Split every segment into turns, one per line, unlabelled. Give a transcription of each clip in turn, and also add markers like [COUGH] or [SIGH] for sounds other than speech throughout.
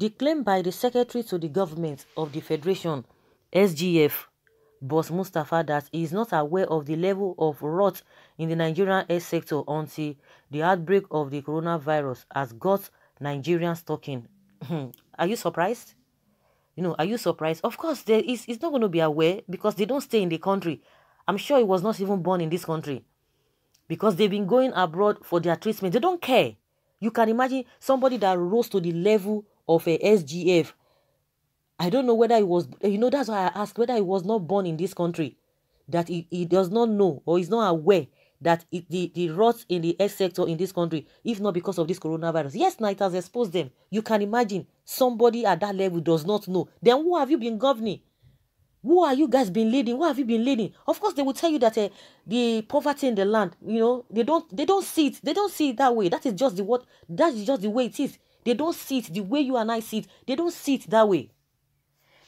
The claim by the secretary to the government of the Federation, SGF, Boss Mustafa that he is not aware of the level of rot in the Nigerian air sector until the outbreak of the coronavirus has got Nigerians talking. Hmm. are you surprised? You know, are you surprised? Of course, there is, it's not going to be aware because they don't stay in the country. I'm sure he was not even born in this country because they've been going abroad for their treatment. They don't care. You can imagine somebody that rose to the level of a SGF. I don't know whether he was, you know, that's why I asked whether he was not born in this country, that he, he does not know or is not aware that it, the, the rot in the S sector in this country, if not because of this coronavirus. Yes, now has exposed them. You can imagine somebody at that level does not know. Then who have you been governing? Who are you guys been leading? Who have you been leading? Of course, they will tell you that uh, the poverty in the land, you know, they don't they don't see it. They don't see it that way. That is just the what that is just the way it is. They don't see it the way you and I see it. They don't see it that way.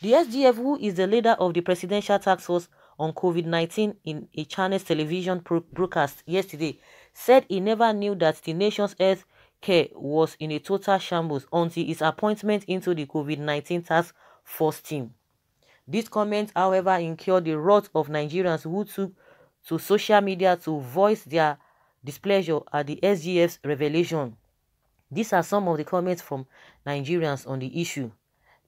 The SDF, who is the leader of the Presidential Task Force on COVID-19 in a Chinese television broadcast yesterday, said he never knew that the nation's health care was in a total shambles until his appointment into the COVID-19 task force team. This comment, however, incurred the wrath of Nigerians who took to social media to voice their displeasure at the SGF's revelation. These are some of the comments from Nigerians on the issue.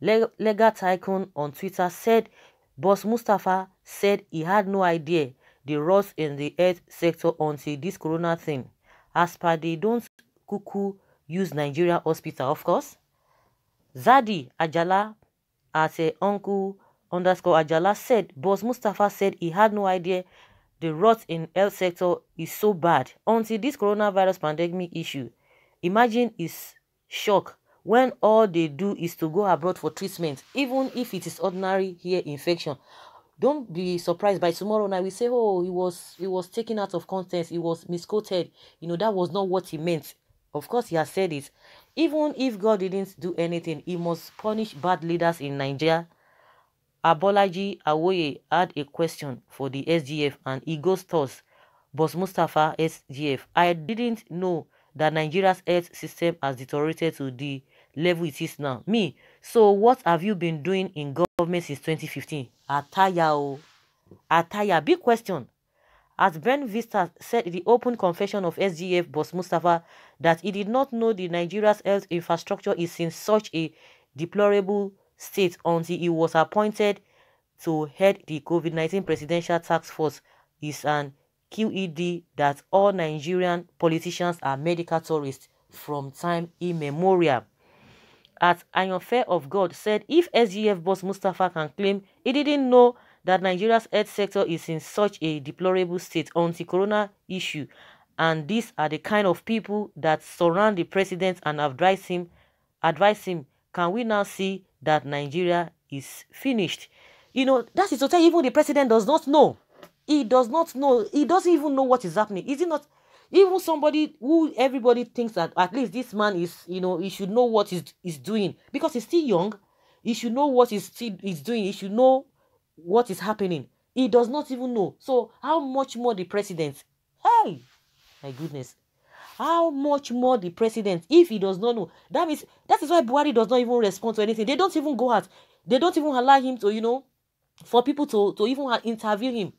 Leg Lega Tycoon on Twitter said Boss Mustafa said he had no idea the rot in the health sector until this corona thing. As per they don't cuckoo use Nigeria hospital, of course. Zadi Ajala as a Uncle underscore Ajala said Boss Mustafa said he had no idea the rot in health sector is so bad until this coronavirus pandemic issue. Imagine his shock when all they do is to go abroad for treatment, even if it is ordinary ear infection. Don't be surprised by tomorrow night we say, oh, he was he was taken out of context, he was misquoted. You know, that was not what he meant. Of course, he has said it. Even if God didn't do anything, he must punish bad leaders in Nigeria. Abolaji Awoye had a question for the SGF and he goes thus. Boss Mustafa SGF, I didn't know that Nigeria's health system has deteriorated to the level it is now. Me, so what have you been doing in government since 2015? Ataya, Ataya, big question. As Ben Vista said in the open confession of SGF boss Mustafa that he did not know the Nigeria's health infrastructure is in such a deplorable state until he was appointed to head the COVID-19 presidential task force is an QED that all Nigerian politicians are medical tourists from time immemorial. At Ayonfe of God said if SGF boss Mustafa can claim he didn't know that Nigeria's health sector is in such a deplorable state on the corona issue and these are the kind of people that surround the president and advise him advise him can we now see that Nigeria is finished you know that's to say, even the president does not know he does not know. He doesn't even know what is happening. Is he not? Even somebody who everybody thinks that at least this man is, you know, he should know what he's, he's doing because he's still young. He should know what he's, still, he's doing. He should know what is happening. He does not even know. So how much more the president? Hey, my goodness. How much more the president if he does not know? That means that is why Buhari does not even respond to anything. They don't even go out. They don't even allow him to, you know, for people to, to even interview him.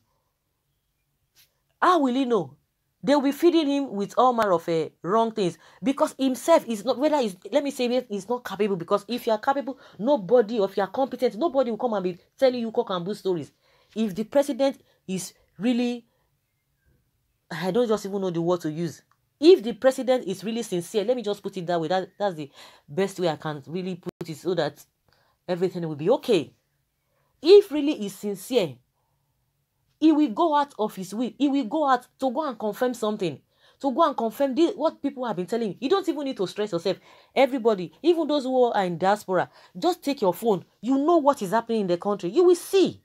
How will he know? They will be feeding him with all manner of uh, wrong things because himself is not, whether he's, let me say, he's not capable. Because if you are capable, nobody, if you are competent, nobody will come and be telling you cock and bull stories. If the president is really, I don't just even know the word to use. If the president is really sincere, let me just put it that way. That, that's the best way I can really put it so that everything will be okay. If really is sincere, He will go out of his way. He will go out to go and confirm something. To go and confirm this, what people have been telling you. You don't even need to stress yourself. Everybody, even those who are in diaspora, just take your phone. You know what is happening in the country. You will see.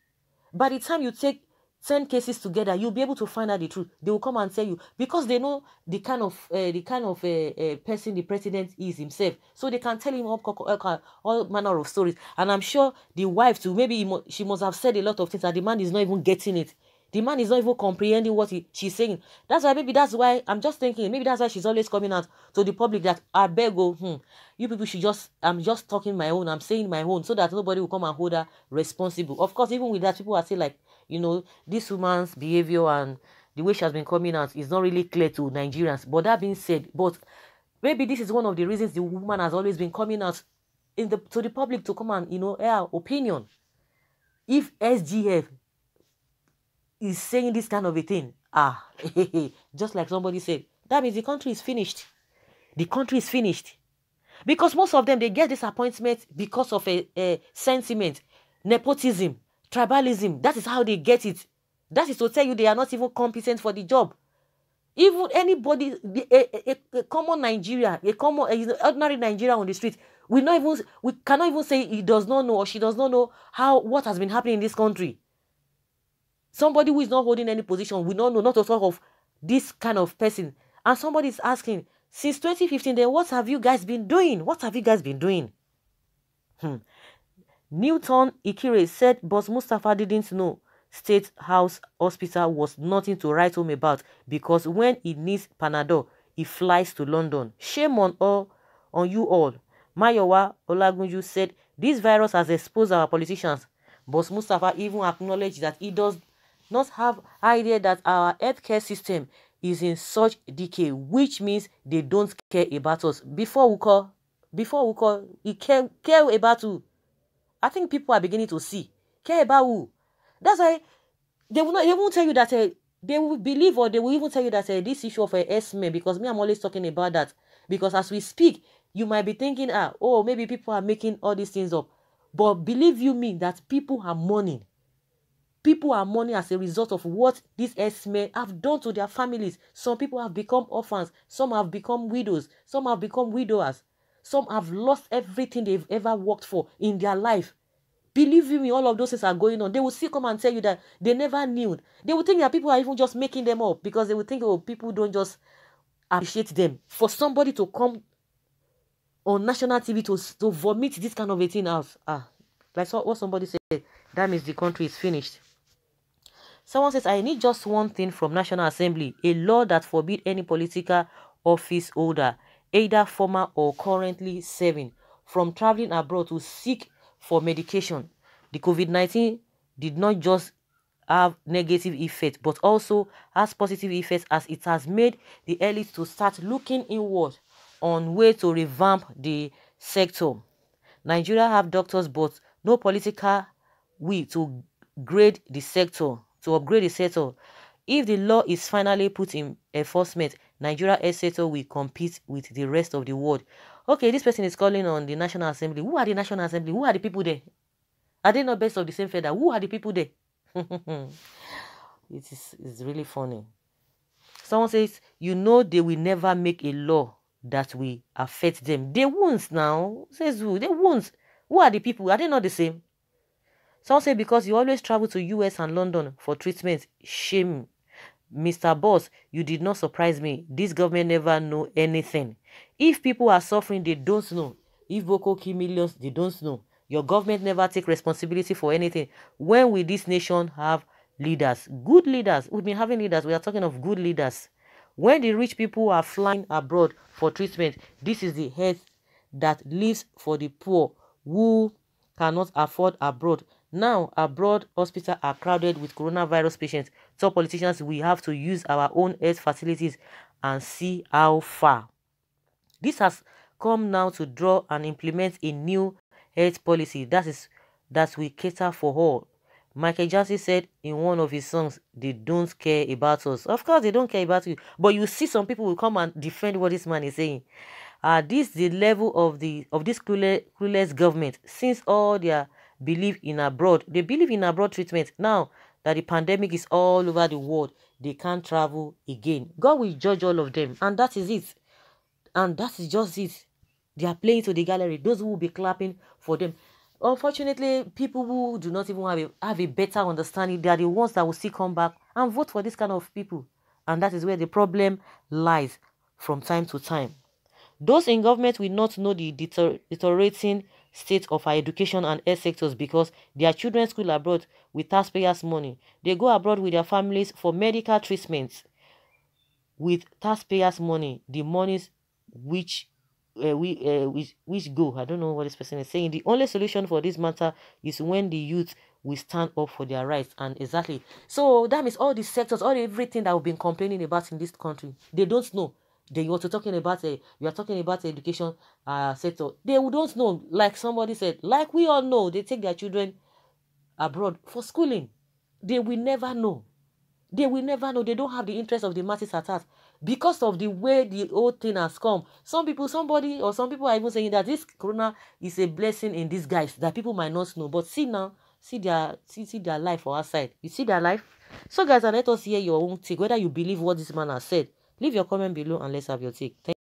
By the time you take 10 cases together you'll be able to find out the truth they will come and tell you because they know the kind of uh, the kind of uh, uh, person the president is himself so they can tell him all, all manner of stories and i'm sure the wife too maybe she must have said a lot of things and the man is not even getting it the man is not even comprehending what he, she's saying that's why maybe that's why i'm just thinking maybe that's why she's always coming out to the public that i beg oh hmm, you people should just i'm just talking my own i'm saying my own so that nobody will come and hold her responsible of course even with that people are still like you know, this woman's behavior and the way she has been coming out is not really clear to Nigerians. But that being said, but maybe this is one of the reasons the woman has always been coming out in the to the public to come and you know air opinion. If SGF is saying this kind of a thing, ah, [LAUGHS] just like somebody said, that means the country is finished. The country is finished. Because most of them, they get disappointment because of a, a sentiment, nepotism, Tribalism, that is how they get it. That is to tell you they are not even competent for the job. Even anybody, a, a, a common Nigeria, a common a ordinary Nigeria on the street, we not even we cannot even say he does not know or she does not know how what has been happening in this country. Somebody who is not holding any position, we don't know not to talk of this kind of person. And somebody is asking, since 2015, then what have you guys been doing? What have you guys been doing? Hmm. Newton Ikire said but Mustafa didn't know State House Hospital was nothing to write home about because when he needs Panadol, he flies to London. Shame on all, on you all. Mayowa Olagunju said, this virus has exposed our politicians. But Mustafa even acknowledged that he does not have idea that our healthcare system is in such decay, which means they don't care about us. Before we call, before we call, he care, care about you. I think people are beginning to see. Care about who? That's why they will not. They won't tell you that. Uh, they will believe, or they will even tell you that uh, this issue of uh, S-men. Because me, I'm always talking about that. Because as we speak, you might be thinking, ah, oh, maybe people are making all these things up. But believe you me, that people are mourning. People are mourning as a result of what these S-men have done to their families. Some people have become orphans. Some have become widows. Some have become widowers. Some have lost everything they've ever worked for in their life. Believe you me, all of those things are going on. They will still come and tell you that they never knew. They will think that people are even just making them up because they will think, oh, people don't just appreciate them. For somebody to come on national TV to, to vomit this kind of a thing out, ah, like what somebody said, that means the country is finished. Someone says, I need just one thing from National Assembly, a law that forbid any political office holder either former or currently serving, from traveling abroad to seek for medication. The COVID 19 did not just have negative effects but also has positive effects as it has made the elites to start looking inward on way to revamp the sector. Nigeria have doctors but no political will to grade the sector, to upgrade the sector. If the law is finally put in enforcement, Nigeria SSO will compete with the rest of the world. Okay, this person is calling on the National Assembly. Who are the National Assembly? Who are the people there? Are they not based of the same feather? Who are the people there? [LAUGHS] it is it's really funny. Someone says, you know they will never make a law that will affect them. They won't now. Says who? They won't. Who are the people? Are they not the same? Someone say because you always travel to US and London for treatment. Shame. Mr. Boss, you did not surprise me. This government never know anything. If people are suffering, they don't know. If Boko kill millions, they don't know. Your government never take responsibility for anything. When will this nation have leaders? Good leaders. We've been having leaders. We are talking of good leaders. When the rich people are flying abroad for treatment, this is the health that lives for the poor who cannot afford abroad now, abroad, hospitals are crowded with coronavirus patients. So politicians, we have to use our own health facilities and see how far. This has come now to draw and implement a new health policy that is that we cater for all. Michael Jackson said in one of his songs, they don't care about us. Of course, they don't care about you. But you see some people will come and defend what this man is saying. Uh, this the level of the of this clueless government. Since all their believe in abroad. They believe in abroad treatment. Now that the pandemic is all over the world, they can't travel again. God will judge all of them. And that is it. And that is just it. They are playing to the gallery. Those who will be clapping for them. Unfortunately, people who do not even have a, have a better understanding, they are the ones that will see come back and vote for this kind of people. And that is where the problem lies from time to time. Those in government will not know the deteriorating state of our education and health sectors because their children school abroad with taxpayers' money. They go abroad with their families for medical treatments with taxpayers' money, the monies which uh, we uh, which, which go. I don't know what this person is saying. The only solution for this matter is when the youth will stand up for their rights and exactly so that means all the sectors all everything that we've been complaining about in this country they don't know they were talking about a eh, you are talking about education uh, sector. They don't know, like somebody said, like we all know, they take their children abroad for schooling. They will never know. They will never know. They don't have the interest of the masses at heart because of the way the whole thing has come. Some people, somebody, or some people are even saying that this corona is a blessing in disguise that people might not know. But see now, see their see, see their life outside. You see their life. So guys, and let us hear your own take whether you believe what this man has said. Leave your comment below and let's have your take. Thank